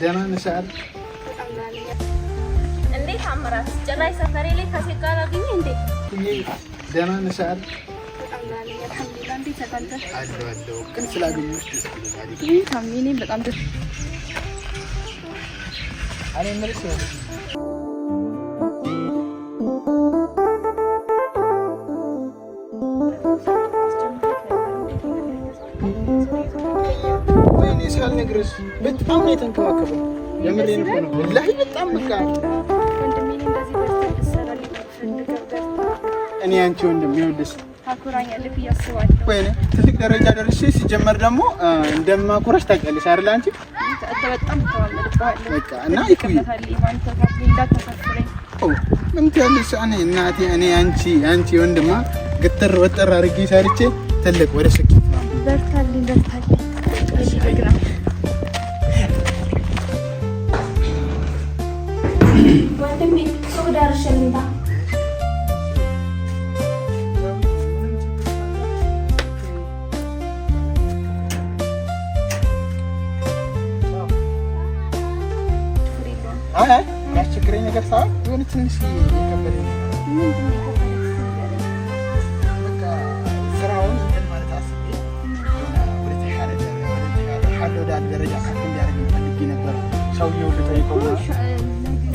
ደህና ነሽ አይደል? እንዴት አመራት ጭራሽ ሰፈሬ ላይ ከሴት ጋር አገኘ እንዴ? ደህና ነሽ አይደል? ግን ስላገኘሁሽ ደስ ብሎኛል። በጣም ደስ ሳልነግርሽ በጣም ነው የተንከባከበው። የምሬን ነው ወላሂ በጣም በቃ እኔ አንቺ ወንድም ይኸውልሽ ታኮራኛለህ ትልቅ ደረጃ ደርሼ ሲጀመር ደግሞ እንደማኮራሽ ታውቂያለሽ አይደል? አንቺ በጣም እኔ እናቴ እኔ አንቺ አንቺ ወንድማ ግጥር ወጥር አድርጌ ሰርቼ ትልቅ ወደ ስኬት በርታልኝ በርታልኝ ወንድሜ ሱቅ ደርሼ ልምጣ። አይ ያስቸግረኝ ነገር ሳይሆን ትንሽ ስራውን ደረጃ ከፍ እንዲያደርግ ፈልጌ ነበር ሰውዬውን ልጠይቀው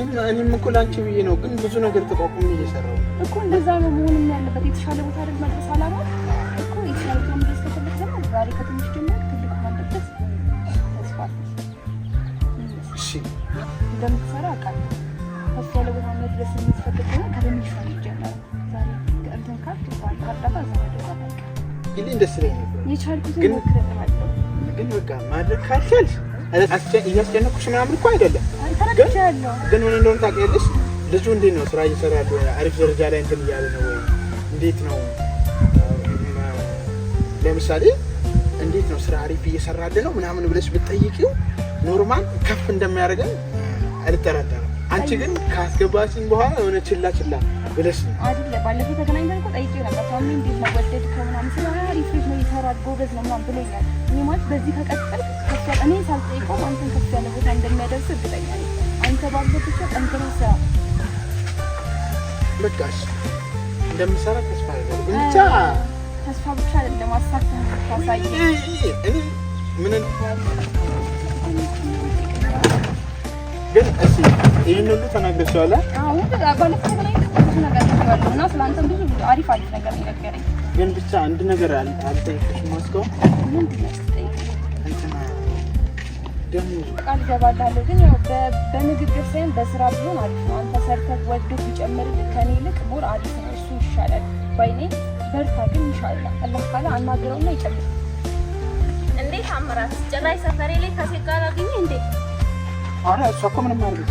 እኔም እኮ ላንቺ ብዬ ነው፣ ግን ብዙ ነገር ተቋቁሜ እየሰራሁ እኮ። እንደዛ ነው መሆንም ያለበት። የተሻለ ቦታ አይደል መድረስ አላማ እኮ የተሻለ ቦታ መድረስ ከፈለግ ደግሞ ዛሬ ከትንሽ ጀምሮ ትልቅ ማለበት ተስፋ እሺ፣ እንደምትሰራ አውቃለሁ። ከፍ ያለ ቦታ መድረስ የምትፈልግ ሆነ ከትንሽ ነው ይጀመራል። ዛሬ ከእንትን ካልክ እንኳን ከእርዳታ እዛ መድረስ ግን ደስ ይለኝ ነበር የቻልኩትን ሞክሬ ግን በቃ ማድረግ ካልቻል እያስጨነኩሽ ምናምን እኮ አይደለም ግን ምን እንደሆነ ታውቂያለሽ? ልጁ እንዴት ነው ስራ እየሰራ ያለ? አሪፍ ደረጃ ላይ እንትን እያለ ነው ወይ? እንዴት ነው ለምሳሌ እንዴት ነው ስራ አሪፍ እየሰራልህ ነው ምናምን ብለሽ ብትጠይቂው ኖርማል ከፍ እንደሚያደርገን አልጠራጠርም። አንቺ ግን ካስገባችን በኋላ የሆነ ችላ ችላ ብለሽ ነው አይደለ? ባለፈው ተገናኝተን ጠይቄ ነበር። ታሚ እንዴት ነው ወደድ ከምናምን ስለ አሪፍ ነው ጎበዝ ነው ብሎኛል። ማለት በዚህ ከቀጠል ከሷ እኔ ከፍ ያለ ቦታ እንደሚያደርስ እርግጠኛ አንተ ብቻ እንደምሰራ ተስፋ ብቻ ተስፋ ብቻ አይደለም ታሳይ እኔ ግን እሺ ይህን ሁሉ ተናግረሻል። አሪፍ ግን ብቻ አንድ ነገር አልጠይቅሽም። አስከው ቃል እገባልሃለሁ ግን በንግግር ሳይሆን በስራ ቢሆን አሪፍ ነው። አንተ ሰርተህ ወደህ ቢጨምርልህ ከኔ ይልቅ ሞር አሪፍ ነው። እሱ ይሻላል ባይኔ። በርታ ግን ኢንሻላህ አላህ ካለ አናግረውና ይጨምር። እንዴት አመራት ጭራሽ ሰፈሬ ላይ ከሴት ጋር አገኘህ እንዴ? ኧረ እሷ እኮ ምንም አርገች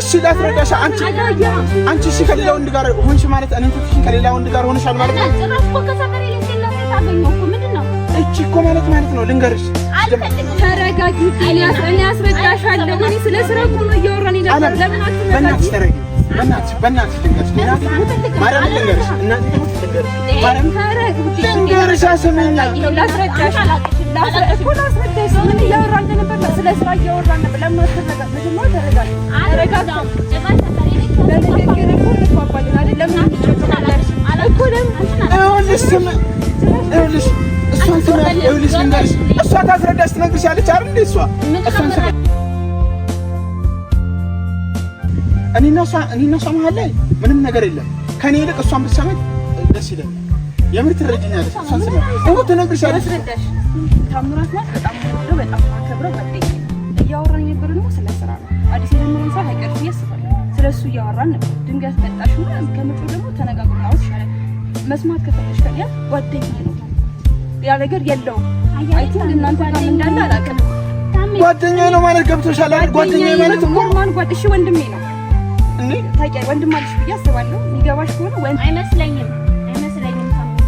እሱ ላስረዳሽ። አንቺ አንቺ እሺ ከሌላ ወንድ ጋር ሆንሽ ማለት እኔ ትክሽን ከሌላ ወንድ ጋር ሆነሻል ማለት ነው። እቺ እኮ ማለት ማለት ነው። ልንገርሽ፣ ተረጋጊ። እኔ አስረዳሻለሁ። እኔ ስለ ስራ እኮ ነው እያወራን ነበር። ለምን አትረጋጊ? በእናትሽ በእናትሽ ልንገርሽ፣ ማርያም ልንገርሽ፣ እናቴ ልንገርሽ፣ ልንገርሽ፣ እሷ ታስረዳሽ ትነግርሻለች አይደል? እሷ እኔና እሷ መሀል ላይ ምንም ነገር የለም። ከእኔ ይልቅ እሷን ብትሰማኝ ደስ ይለኛል። የምር ትረጅኛለሽ። ትነግርሻለሽ። ታምራት ናት። በጣም ወደው በጣም ማከብረው ጓደኛ እያወራን የነበረ ደግሞ ስለ ስራ ነው። አዲስ የጀመረን ሰ ሀይቀር ያስባል። ስለ እሱ እያወራን ነበር። ድንገት መጣሽ ና ከምጩ ደግሞ ተነጋግሮ ሁ ይሻላል። መስማት ከፈለሽ ከያ ጓደኛ ነው። ያ ነገር የለውም። አይ ቲንክ እናንተ ጋር እንዳለ አላውቅም። ጓደኛ ነው ማለት ገብቶሻል አይደል? ጓደኛ ማለት ነው ማን ጓደሽ ወንድሜ ነው። እንዴ ታውቂያለሽ፣ ወንድም አለሽ ብዬ አስባለሁ። የሚገባሽ ከሆነ አይመስለኝም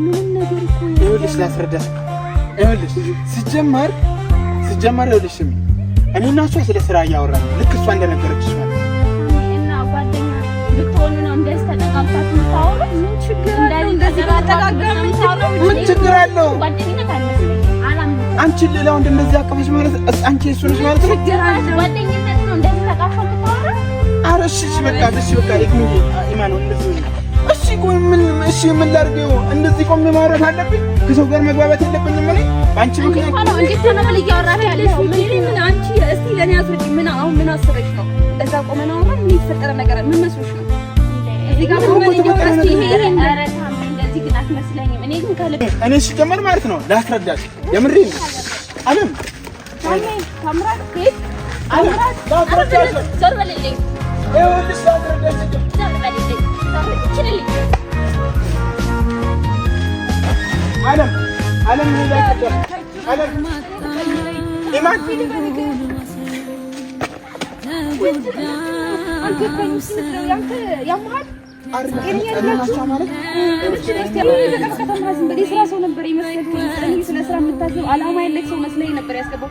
ምንም ነገር እኮ ይኸውልሽ፣ ላስረዳሽ። ይኸውልሽ ሲጀመር ሲጀመር ይኸውልሽ እኔ እሷ ስለ ስራ እያወራን ልክ እሷ እንደነገረች እሷ ምን ችግር አለው? እንደዚህ ባጠቃቀም ምን እንደዚህ አቀፈች ማለት አንቺ እሱ ነሽ ማለት ነው። ችግር አለ። ጓደኝነት ነው እንደዚህ ተቃፈ የምታወሩት። ኧረ እሺ፣ በቃ እሺ፣ በቃ ይቅር። ነው ቆይ ምን እሺ፣ ምን ላድርገው? እንደዚህ ቆሜ ማውራት አለብኝ? ከሰው ጋር መግባባት የለብኝም? ምን አንቺ ምክንያት ነው እንዴ? ተነብል እያወራሽ ያለሽ ምን? ምን አንቺ እስቲ ለኔ አስረጂ። ምን አሁን ምን አስበሽ ነው? እዛ ቆመና አውራ። ምን የተፈጠረ ነገር ምን መስሎሽ ነው? እዚህ ጋር ምን ምን ይወጣሽ? ይሄ እንደዚህ ግን አትመስለኝም። እኔ ግን ካለ እኔ ሲጀመር ማለት ነው ላስረዳሽ። የምሬ ነው አለም ታሜ ታምራት ቤት አምራት ዳክራ ሰርበልልኝ ይኸውልሽ ላስረዳሽ ሰርበልልኝ ስራ ሰው ነበር የመሰለኝ። ስለ ስራ የምታስብ አላማ ያለች ሰው መስለኝ ነበር ያስገባው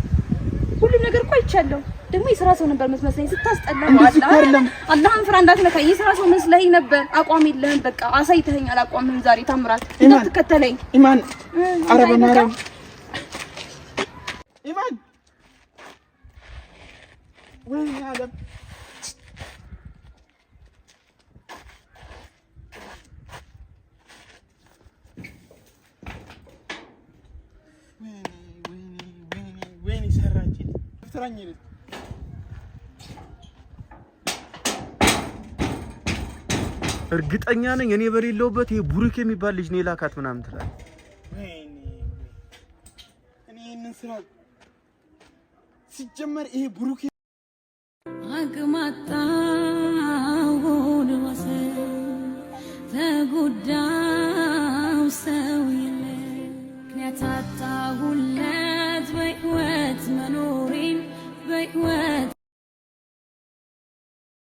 ሁሉም ነገር እኮ አይቻለሁ። ደግሞ የስራ ሰው ነበር መስመስለኝ። ስታስጠላ አላህን ፍራ እንዳትነካኝ። የስራ ሰው መስለኝ ነበር። አቋም የለህም በቃ አሳይተኸኛል። አቋምህን ዛሬ ታምራት ተከተለኝ። ኢማን ኧረ በማርያም ኢማን ወይ ያለም ግራኝ ይልቅ እርግጠኛ ነኝ እኔ በሌለውበት ይሄ ቡሩክ የሚባል ልጅ ነው ላካት ምናምን ትላለህ። እኔ ይህንን ስራ ሲጀመር ይሄ ቡሩክ አግማጣ